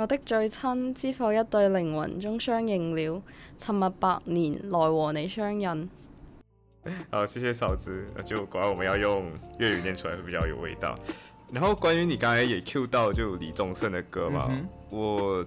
我的最親，知否一對靈魂中相認了？沉默百年來和你相印。好，謝謝嫂子。就果然，我們要用粵語念出來會比較有味道。然後，關於你剛才也 Q 到就李宗盛的歌嘛，mm -hmm. 我。